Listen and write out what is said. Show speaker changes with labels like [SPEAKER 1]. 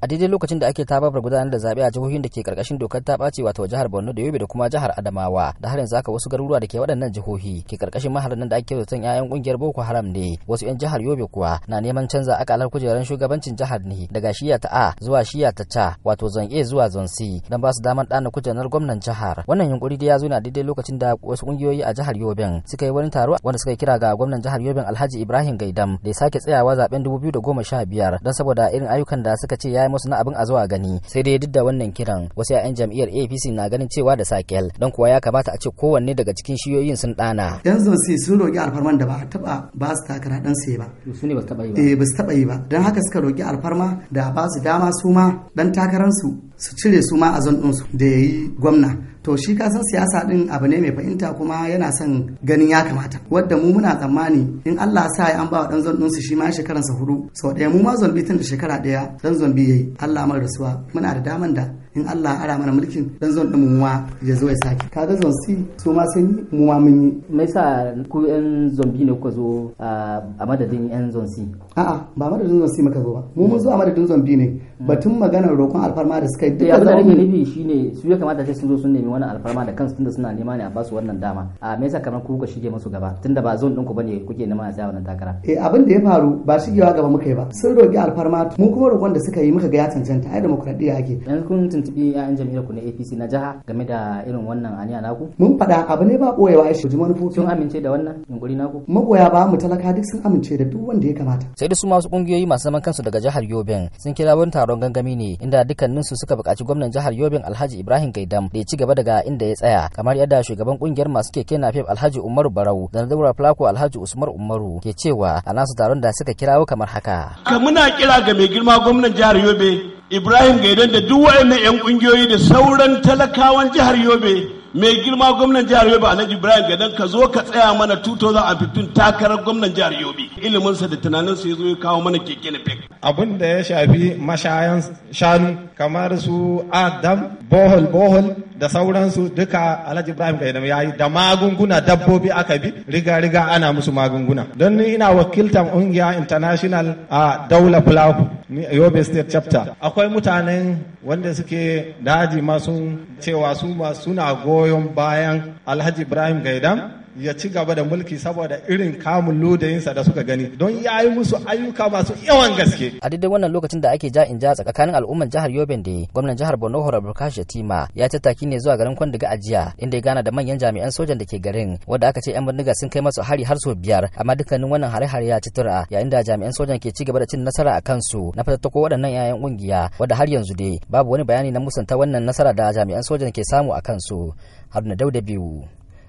[SPEAKER 1] a daidai lokacin da ake tababar gudanar da zaɓe a jihohin da ke karkashin dokar ta ɓace wato jihar borno da yobe da kuma jihar adamawa da har yanzu aka wasu garuruwa da ke waɗannan jihohi ke karkashin maharan nan da ake zaton ƴaƴan ƙungiyar boko haram ne wasu ƴan jihar yobe kuwa na neman canza akalar kujerar shugabancin jihar ne daga shiya ta a zuwa shiya ta ca wato zon a zuwa zon c don ba su damar ɗana kujerar gwamnan jihar wannan yunkuri dai ya zo na daidai lokacin da wasu ƙungiyoyi a jihar yoben suka yi wani taro wanda suka kira ga gwamnan jihar yobe alhaji ibrahim gaidam da ya sake tsayawa zaben 2015 don saboda irin ayyukan da suka ce ya kayan musu na abin a zuwa gani sai dai duk da wannan kiran wasu 'ya'yan jam'iyyar apc na ganin cewa da sakel don kuwa ya kamata a ce kowanne daga cikin shiyoyin sun dana yan
[SPEAKER 2] zonsi sun roƙi alfarman da ba a taɓa ba su takara dan sai ba su ne ba su taɓa yi ba eh ba su taba yi ba dan haka suka roki alfarma da ba su dama su ma dan takararsu su cire su ma a zon su da yayi gwamna to shi kasan siyasa din abu ne mai fahimta kuma yana son ganin ya kamata wadda mu muna tsammani in Allah sa ya an ba wa dan zon su shi ma shekaransa hudu sau ɗaya mu ma zambi tun da shekara ɗaya dan zambi yayi Allah mar rasuwa muna da daman da in Allah ara mana mulkin dan zon din muwa ya zo ya sake kaga zon si. su ma sun muwa mun yi me yasa ku yan zombi ne kuka zo a madadin yan zon a a'a ba madadin zon si muka zo ba mu mun zo a madadin zombi ne hmm. batun maganar roƙon alfarma da suka yi eh, duka da ne
[SPEAKER 1] bi shine su ya kamata sai sun zo sun nemi wannan alfarma da kansu tunda suna nema ne a basu wannan dama a me yasa kamar ku kuka shige musu gaba tunda ba zon din ku bane kuke nema a tsaya
[SPEAKER 2] wannan takara eh abin da ya faru ba shigewa gaba muka yi ba sun roƙi alfarma mu kuma roƙon da suka yi muka ga ya cancanta ai demokradiya ake yanzu kun tuntubi 'ya'yan jam'iyyar ku na APC na jiha game da irin wannan aniya naku? Mun faɗa abu ne ba ɓoyewa ya shuji manufofi. Sun amince da wannan yunkuri naku? Magoya ba mu talaka duk sun amince da duk wanda ya kamata.
[SPEAKER 1] Sai da su masu ƙungiyoyi masu zaman kansu daga jihar Yobin sun kira wani taron gangami ne inda dukkaninsu suka buƙaci gwamnan jihar Yobin Alhaji Ibrahim Gaidam da ya ci gaba daga inda ya tsaya kamar yadda shugaban ƙungiyar masu keke nafef Alhaji Umaru Barau da Nadura Flako Alhaji Usman Umaru ke cewa a nasu taron da suka kirawo kamar haka.
[SPEAKER 3] Ka muna kira ga mai girma gwamnan jihar Yobe ibrahim gaidan da duk waɗannan 'yan ƙungiyoyi da sauran talakawan jihar yobe mai girma gwamnan jihar yobe alhaji ibrahim gaidan ka zo ka tsaya mana 2015 takarar gwamnan jihar yobe iliminsa da tunaninsa ya zo ya kawo mana keke na fek abin da ya shafi mashayan shanu kamar su adam bohol bohol da sauransu duka alhaji ibrahim gaidan ya yi da magunguna dabbobi aka bi riga riga ana musu magunguna don ina wakiltar ƙungiya international a daula fulaku yobe state chapter akwai mutanen wanda suke daji masu cewa su suna goyon bayan alhaji ibrahim gaidam ya ci gaba da mulki saboda irin kamun ludayinsa da suka gani don ya yi musu ayyuka masu
[SPEAKER 1] yawan gaske. A daidai wannan lokacin da ake ja in ja tsakanin al'umman jihar Yobe da gwamnan jihar Borno Horar Burkash Tima ya tattaki ne zuwa garin Kwandiga a jiya inda ya gana da manyan jami'an sojan da ke garin wanda aka ce 'yan bindiga sun kai masu hari har sau biyar amma dukkanin wannan hare-hare ya ci tura yayin da jami'an sojan ke ci gaba da cin nasara a kansu na fatattako waɗannan 'ya'yan ƙungiya wanda har yanzu dai babu wani bayani na musanta wannan nasara da jami'an sojan ke samu a kansu. Haruna Dauda biyu.